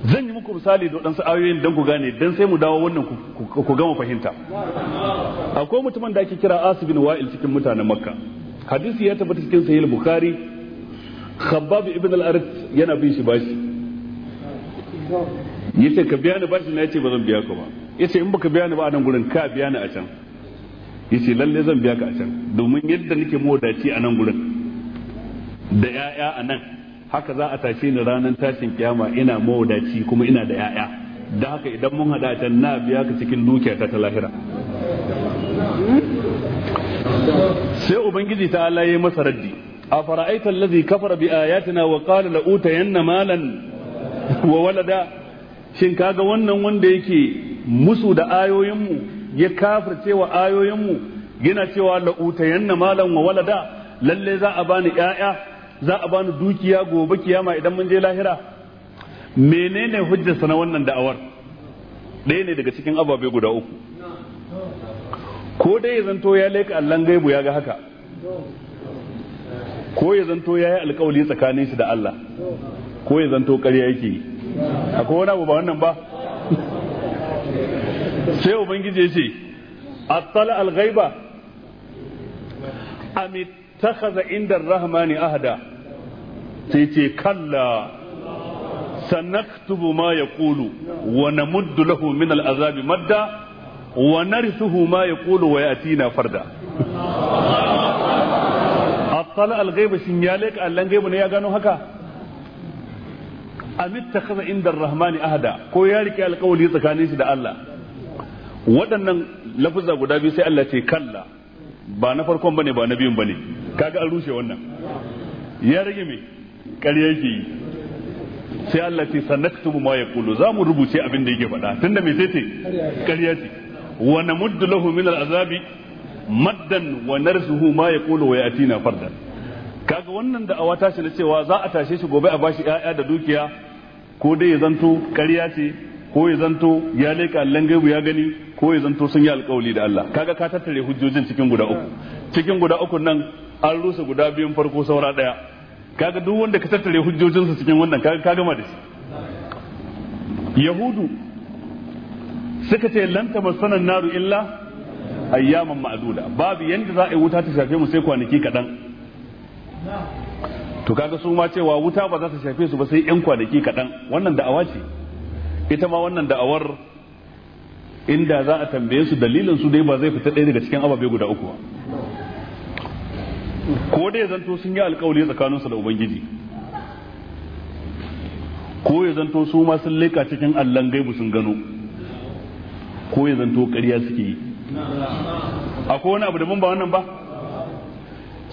zan yi muku misali da waɗansu ayoyin don ku gane don sai mu dawo wannan ku gama fahimta akwai mutumin da ake kira asibin wa'il cikin mutanen makka hadisi ya tabbata cikin sahih bukhari khabbab ibn al-arith yana bin shi bashi yace ka biya ni bashi na yace ba zan biya ka ba yace in baka biya ni ba a nan gurin ka biya ni a can yace lalle zan biya ka a can domin yadda nake mawadaci a nan gurin da 'ya'ya a nan haka za a tashi ni ranar tashin kiyama ina mawadaci kuma ina da 'ya'ya da haka idan mun hada a can na biya ka cikin dukiyata ta lahira sai ubangiji ta Allah yayi masa raddi a fara'aita allazi kafara bi ayatina wa qala la utayanna malan wa walada shin kaga wannan wanda yake musu da ayoyinmu ya kafirce wa ayoyinmu yana cewa la'utayanna malam wa walada lalle za a bani yaya za a bani dukiya gobe kiyama idan mun je lahira menene hujjarsa na wannan da'awar ɗaya ne daga cikin ababe guda uku ko dai ya zanto ya leka allan gaibu ya ga haka ko ya zanto ya yi alkawali tsakanin shi da Allah ko ya zanto ƙarya yake akwai wani abu ba wannan ba sai ubangiji ya ce attala al-ghaiba am ittakhadha inda rahmani ahada sai ce kalla sanaktubu ma yaqulu wa namuddu lahu min al'azabi madda wa narithuhu ma yaqulu wa yatina farda attala al shin ya leka allan gaibu ne ya gano haka amittakhadha inda ar-rahmani ahada ko ya rike alƙawari tsakanin shi da Allah waɗannan lafuza guda biyu sai Allah ce kalla ba na farkon bane ba na biyun bane kaga an rushe wannan ya rage me ƙarya yake yi sai Allah ce sanaktubu ma yaqulu za mu rubuce abin da yake faɗa tunda me sai ce ƙarya ce wa namuddu lahu min al-azabi maddan wa narsuhu ma yaqulu wa yatina fardan kaga wannan da awa shi na cewa za a tashe shi gobe a bashi 'ya'ya da dukiya ko dai ya zanto ƙarya ce ko ya zanto ya leƙa allon gaibu ya gani ko ya zanto sun yi alƙawali da Allah kaga ka tattare hujjojin cikin guda uku cikin guda uku nan an rusa guda biyun farko saura ɗaya kaga duk wanda ka tattare hujjojinsu cikin wannan kaga ka gama da shi yahudu suka ce lanta masanan naru illa ayyaman ma'aduda babu yanda za a yi wuta ta shafe mu sai kwanaki kaɗan to kaga su ma cewa wuta ba za ta shafe su ba sai yan kwanaki kaɗan wannan da'awa ce ita ma wannan da'awar inda za a tambaye su dalilin su dai ba zai fita ɗaya daga cikin ababe guda uku ba ko dai zanto sun yi alkawari tsakaninsu da ubangiji ko ya zanto su ma sun leka cikin allon gaibu sun gano ko ya zanto ƙarya suke yi akwai wani abu da mun ba wannan ba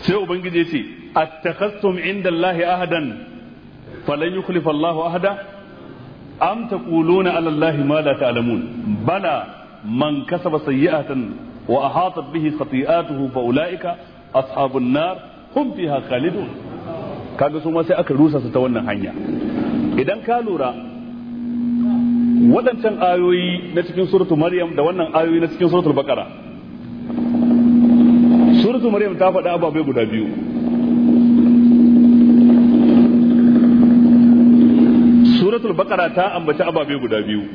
sai ubangiji ya ce attakhastum inda Allah ahadan falan yukhlifa Allah ahada am taquluna ala Allah ma la ta'lamun bala man kasaba sayyi'atan wa ahatat bihi khati'atuhu fa ulaika ashabun nar hum fiha khalidun kaga su ma sai aka rusa su ta wannan hanya idan ka lura waɗancan ayoyi na cikin suratu maryam da wannan ayoyi na cikin suratul bakara suratu maryam ta faɗi ababe guda biyu suratul bakara ta ambaci ababe guda biyu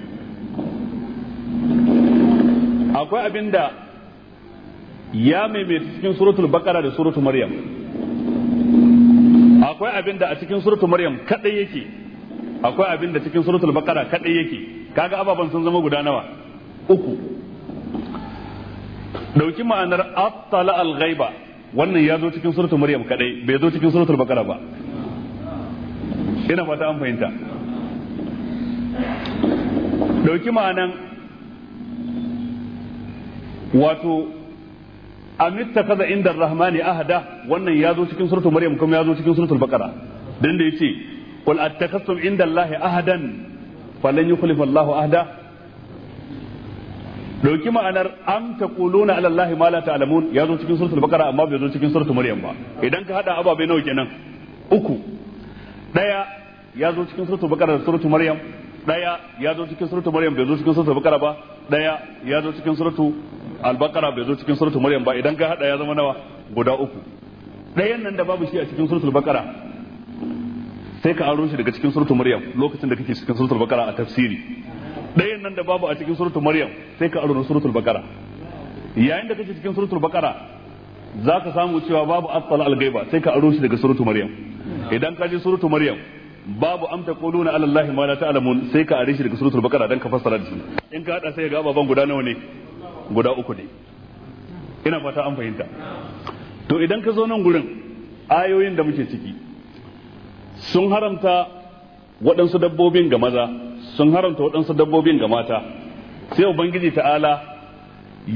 akwai abinda ya maimaita cikin suratul bakara da suratul maryam akwai abinda a cikin suratul maryam kadai yake akwai abinda cikin suratul bakara kadai yake kaga ababan sun zama guda nawa uku dauki ma'anar attala al-ghaiba wannan ya zo cikin suratul maryam kadai bai zo cikin suratul bakara ba ina fata an fahimta dauki ma'anan wato amitta kaza inda rahmani ahada wannan ya zo cikin suratul maryam kuma ya zo cikin suratul baqara dan da yace qul attakhasum inda allahi ahadan falan yukhlifa allahu ahada dauki ma'anar am taquluna ala allahi ma la ta'lamun ya zo cikin suratul baqara amma bai zo cikin suratul maryam ba idan ka hada ababe nawa kenan uku daya ya zo cikin suratul baqara da suratul maryam daya ya zo cikin suratu maryam bai zo cikin suratu bakara ba daya ya zo cikin suratu albakara bai zo cikin suratu maryam ba idan ka hada ya zama nawa guda uku dayan nan da babu shi a cikin suratu bakara sai ka aro shi daga cikin suratu maryam lokacin da kake cikin suratu bakara a tafsiri dayan nan da babu a cikin suratu maryam sai ka aro na suratu bakara yayin da kake cikin suratu bakara za ka samu cewa babu asal al-gaiba sai ka aro shi daga suratu maryam idan ka je suratu maryam babu amta quluna ala allahi ma la ta'lamun sai ka arishi daga suratul baqara dan ka fassara da shi in ka hada sai ga ababan guda nawa ne guda uku ne ina fata an fahimta to idan ka zo nan gurin ayoyin da muke ciki sun haramta waɗansu dabbobin ga maza sun haramta waɗansu dabbobin ga mata sai ubangiji ta'ala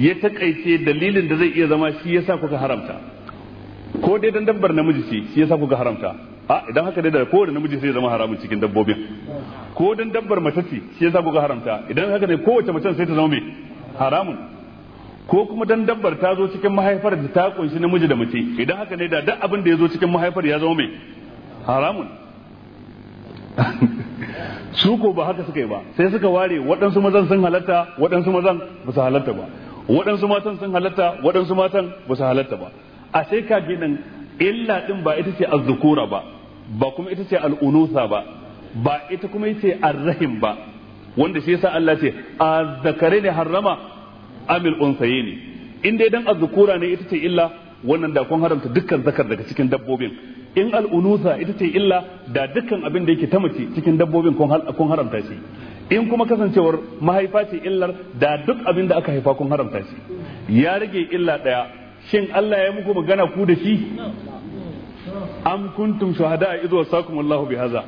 ya takaice dalilin da zai iya zama shi yasa kuka haramta ko dai dan dabbar namiji ce shi yasa kuka haramta a idan haka dai da kowane namiji sai zama haramun cikin dabbobin ko dan dabbar mace ce shi yasa kuka haramta idan haka ne kowace mace sai ta zama mai haramun ko kuma dan dabbar ta zo cikin mahaifar da ta kunshi namiji da mace idan haka ne da duk abin da ya zo cikin mahaifar ya zama mai haramun su ko ba haka suka yi ba sai suka ware waɗansu mazan sun halatta waɗansu mazan ba su halatta ba waɗansu matan sun halatta waɗansu matan ba su halatta ba a sai ka ginin illa din ba ita ce azzukura ba ba kuma ita ce al'unusa ba ba ita kuma ita ce arrahim ba wanda shi yasa Allah ce azzakare ne harrama amil unsaye ne in dai dan azzukura ne ita ce illa wannan da kun haramta dukkan zakar daga cikin dabbobin in al'unusa ita ce illa da dukkan abin da yake ta mace cikin dabbobin kun haramta shi in kuma kasancewar mahaifa ce illar da duk abin da aka haifa kun haramta shi ya rage illa daya shin Allah ya muku magana ku da shi am kuntum shuhada idh wasakum Allahu haza.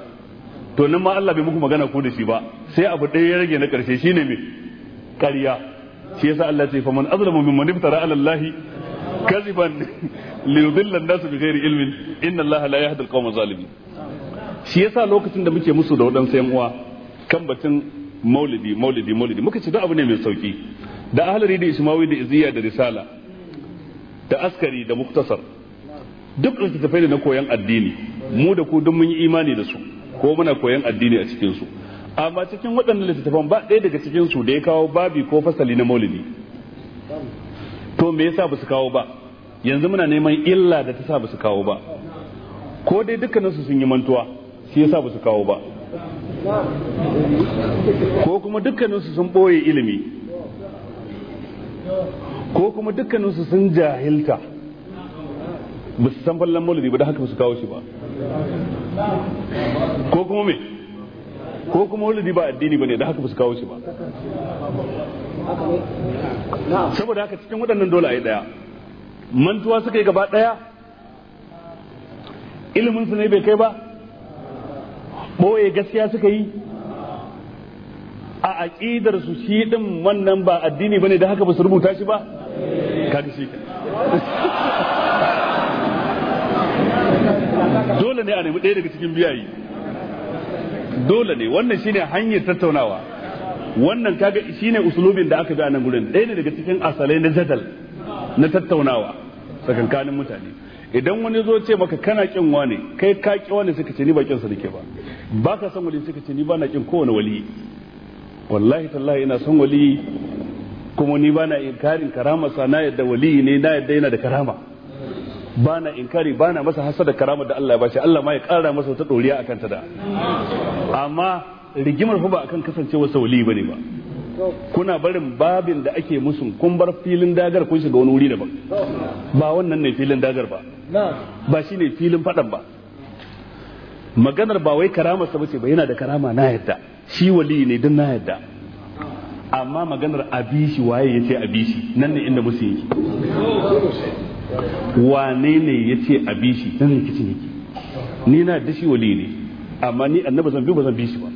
to nan ma Allah bai muku magana ku da shi ba sai abu ɗaya ya rage na karshe shine me ƙarya shi yasa Allah ce faman azlamu mimman iftara ala Allah kaziban li yudilla an-nas ghairi ilmin inna Allah la yahdi al-qawma zalimin shi yasa lokacin da muke musu da waɗansu yan uwa kan batun maulidi maulidi maulidi muka ce da abu ne mai sauki da ahlari da ismawi da iziya da risala da askari da muktasar duk littattafai da na koyan addini mu da ku duk mun yi imani da su ko muna koyan addini a cikin su amma cikin waɗannan littattafan ba ɗaya daga cikin su da ya kawo babi ko fasali na maulidi to me yasa ba su kawo ba yanzu muna neman illa da ta sa ba su kawo ba ko dai dukkanin su sun yi mantuwa shi yasa ba su kawo ba ko kuma dukkanin su sun ɓoye ilimi ko kuma dukkaninsu sun jahilta ba su san fallon maulidi ba da haka ba su kawo shi ba ko kuma me ko kuma maulidi ba addini ba ne da haka ba su kawo shi ba saboda haka cikin waɗannan dole a yi ɗaya mantuwa suka yi gaba ɗaya ilimin su ne bai kai ba ɓoye gaskiya suka yi a aƙidar su shi ɗin wannan ba addini ba ne da haka ba su rubuta shi ba kaga shi ka dole ne a nemi ɗaya daga cikin biyayi dole ne wannan shine hanyar tattaunawa wannan kaga shine usulubin da aka bi a nan gurin ɗaya ne daga cikin asalai na jadal na tattaunawa tsakankanin mutane idan wani zo ce maka kana kin wane kai ka ki wane suka ce ni ba kin sa nake ba ba ka san wali suka ce ni ba na kin kowane wali wallahi tallahi ina son wali kuma ni bana inkarin karama sa na yadda wali ne na yadda yana da karama bana inkari bana masa hasa da karama da Allah ya bashi Allah ma ya kara masa ta doriya akan ta da amma rigimar fa ba akan kasancewa sa wali bane ba kuna barin babin da ake musun kun bar filin dagar kun shiga wani wuri daban ba wannan ne filin dagar ba ba shi ne filin fadan ba maganar ba wai karamarsa bace ba yana da karama na yadda shi wali ne din na yadda amma maganar abishi waye ya ce abishi nan ne inda musu yake wane ne ya ce abishi nan ne kicin yake ni na da shi wali ne amma ni annabi zan biyu ba zan bi ba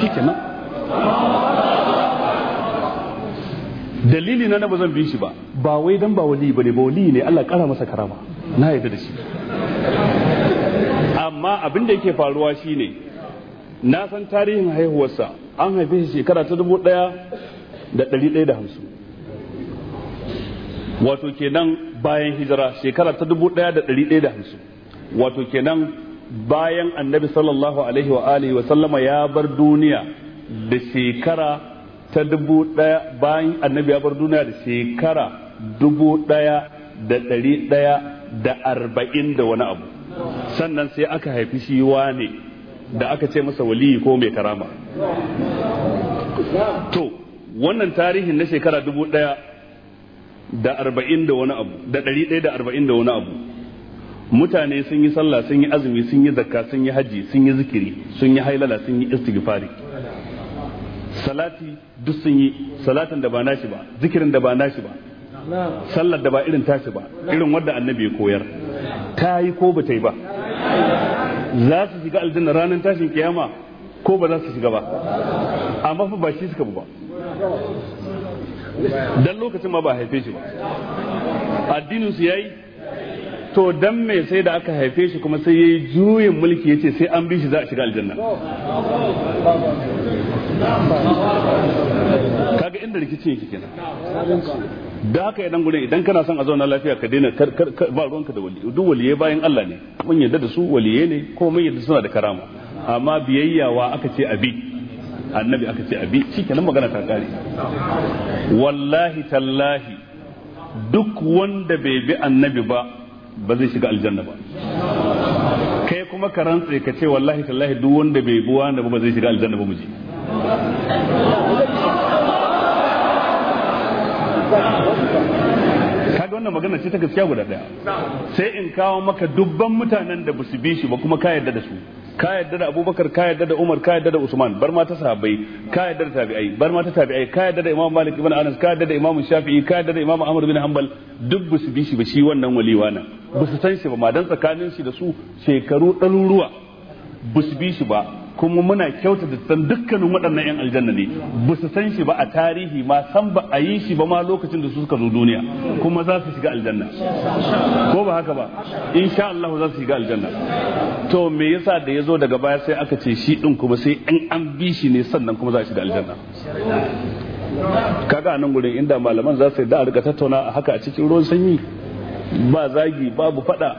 shi kenan dalili na na zan bishi ba ba wai dan ba wali bane ba wali ne Allah kara masa karama na yarda da shi amma abin da yake faruwa shine na san tarihin haihuwarsa an haife shi shekara ta dubu daya. da ɗari ɗaya da hamsin wato kenan bayan hijira shekara ta dubu ɗaya da ɗari ɗaya da hamsin wato kenan bayan annabi sallallahu alaihi wa alihi wa sallama ya bar duniya da shekara ta dubu ɗaya bayan annabi ya bar duniya da shekara dubu ɗaya da ɗari ɗaya da arba'in da wani abu sannan sai aka haifi shi wane da aka ce masa waliyi ko mai karama to wannan tarihin na shekara dubu ɗaya da arba'in da wani abu da ɗari ɗaya da arba'in da wani abu mutane sun yi sallah sun yi azumi sun yi zakka sun yi hajji sun yi zikiri sun yi hailala sun yi istighfari salati duk sun yi salatin da ba nashi ba zikirin da ba nashi ba sallar da ba irin tashi ba irin wadda annabi ya koyar ta yi ko ba ta yi ba za su shiga aljanna ranar tashin kiyama ko ba za su shiga ba amma fa ba shi suka ba dan lokacin ma ba haife shi ba addinin su yayi to dan me sai da aka haife shi kuma sai yayi juyin mulki yace sai an bi shi za a shiga aljanna kaga inda rikicin yake kenan da haka idan gure idan kana son a zauna lafiya ka daina ba ruwanka da wali duk waliye bayan Allah ne mun yarda da su waliye ne ko mun yarda suna da karama amma biyayya wa aka ce abi annabi aka ce abi kenan magana ta kare wallahi tallahi duk wanda bai bi annabi ba ba zai shiga aljanna ba kai kuma ka rantse ka ce wallahi tallahi duk wanda bai bi wanda ba zai shiga aljanna ba muje kaga wannan magana ce ta gaskiya guda daya sai in kawo maka dubban mutanen da su bi shi ba kuma ka yarda da su ka yadda da abubakar ka yadda da umar ka yadda da usman bar ma ta sahabbai ka yadda da tabi'ai bar ma ta tabi'ai ka yadda da imam malik ibn anas ka yadda da imam shafi'i ka yadda da imam ahmad bin hanbal duk bu su bi shi ba shi wannan waliwa na ba su san shi ba ma dan tsakanin shi da su shekaru ɗaruruwa ba su bi shi ba kuma muna kyauta da san dukkanin waɗannan 'yan aljanna ne ba su san shi ba a tarihi ma san ba a yi shi ba ma lokacin da su suka zo duniya kuma za su shiga aljanna ko ba haka ba insha Allah za su shiga aljanna to me yasa da ya zo daga baya sai aka ce shi din kuma sai in an bi shi ne sannan kuma za a shiga aljanna kaga nan gurin inda malaman za su yi da a rika tattauna haka a cikin ruwan sanyi ba zagi babu fada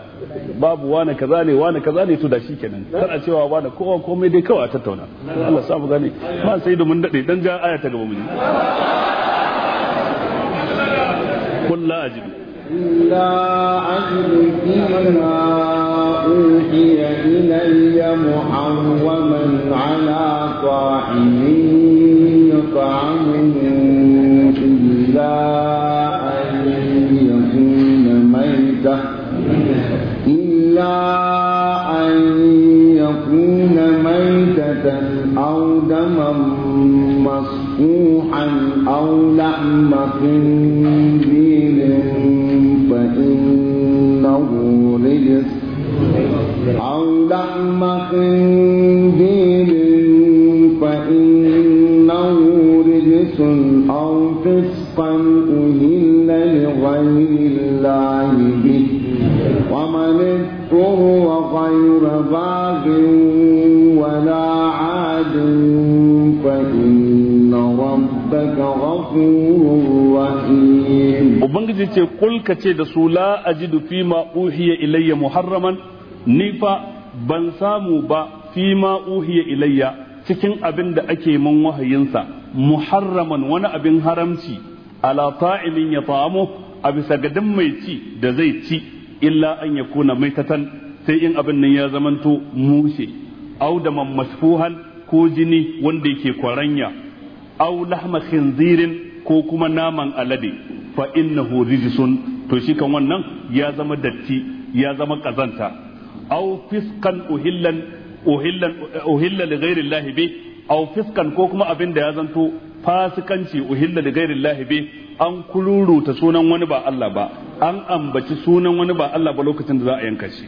babu wane kaza ne wane kaza ne to da shi kenan kar a cewa da kowa komai dai kawai a tattauna Allah sa mu gane ba sai da mun dade dan ja aya ta gaba mu ji kullu ajibu fi ma فيما أوحي إلي محرما على طاعم يطعمه إلا إلا أن يكون ميتة أو دما مسفوحا أو لحم خنزير kul ka ce da su la ajidu fi ma uhiya ilayya muharraman ni fa ban samu ba fi ma uhiya ilayya cikin abin da ake mun wahayinsa muharraman wani abin haramci ala ta'imin ya ta'amu a bisa gadin mai ci da zai ci illa an ya kuna maitatan sai in abin nan ya zamanto mushe au da masfuhan ko jini wanda yake kwaranya au lahma khinzirin ko kuma naman alade fa innahu rijsun to shi kan wannan ya zama datti ya zama kazanta aw fiskan uhillan uhillan uhilla li ghairi Allah bi aw fiskan ko kuma abin da ya zanto fasikanci uhilla li ghairi Allah bi an kururuta sunan wani ba Allah ba an ambaci sunan wani ba Allah ba lokacin da za a yanka shi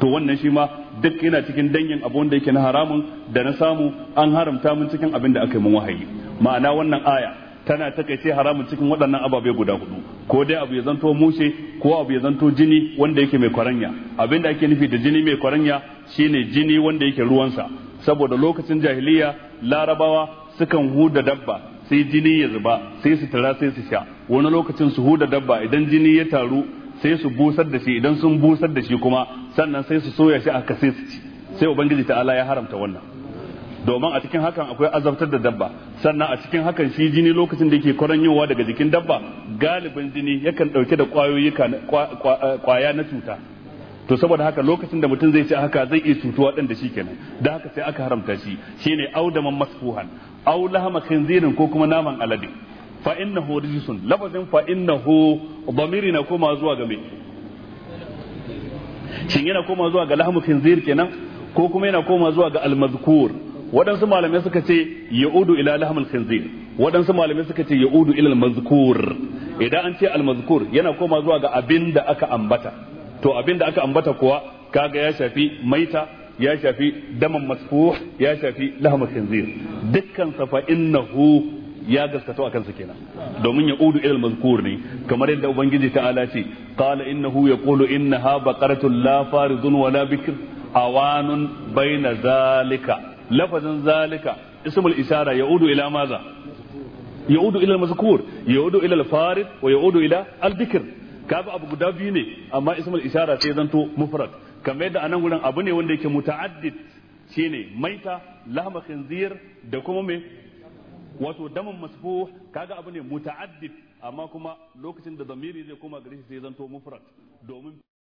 to wannan shi ma duk yana cikin dangin abu wanda yake na haramun da na samu an haramta mun cikin abin da aka yi mun wahayi ma'ana wannan aya tana takaice haramun cikin waɗannan ababe guda hudu ko dai abu ya zanto mushe ko abu ya zanto jini wanda yake mai kwaranya abin da ake nufi da jini mai kwaranya shine jini wanda yake ruwansa saboda lokacin jahiliya larabawa sukan huda dabba sai jini ya zuba sai su tara sai su sha wani lokacin su huda dabba idan jini ya taru sai su busar da shi idan sun busar da shi kuma sannan sai su soya shi a kase su ci sai ubangiji ta'ala ya haramta wannan domin a cikin hakan akwai azabtar da dabba sannan a cikin hakan shi jini lokacin da yake kwaranyowa daga jikin dabba galibin jini yakan dauke da kwayoyi kwaya eh, na cuta to saboda haka lokacin da mutum zai ci haka zai iya cutuwa ɗin da shi kenan da haka sai aka haramta shi shine audaman masfuhan au lahama khinzirin ko kuma naman alade fa innahu rijsun lafazin fa innahu dhamiri na koma zuwa ga me shin yana koma zuwa ga lahamu khinzir kenan ko kuma yana koma zuwa ga almazkur waɗansu malamai suka ce ya'udu ila lahmul khinzir waɗansu malamai suka ce ya'udu ila al idan an ce al yana koma zuwa ga abin da aka ambata to abin da aka ambata kuwa kaga ya shafi maita ya shafi daman masfuh ya shafi lahmul khinzir dukkan sa fa innahu ya gaskato a su kenan domin ya udu ilal mazkur ne kamar yadda ubangiji ta'ala ce qala innahu yaqulu innaha baqaratun la farizun wala bikr awanun baina zalika lafazin zalika ismul isara yaudu ila maza yaudu ila mazkur yaudu ila al-farid wa yaudu ila al-dhikr abu guda biyu ne amma ismul isara sai zanto mufrad kamar yadda anan gurin abu ne wanda yake muta'addid shine maita lahma khinzir da kuma me wato damin masfuh kaga abu ne muta'addid amma kuma lokacin da zamiri zai koma gare shi sai zanto mufrad domin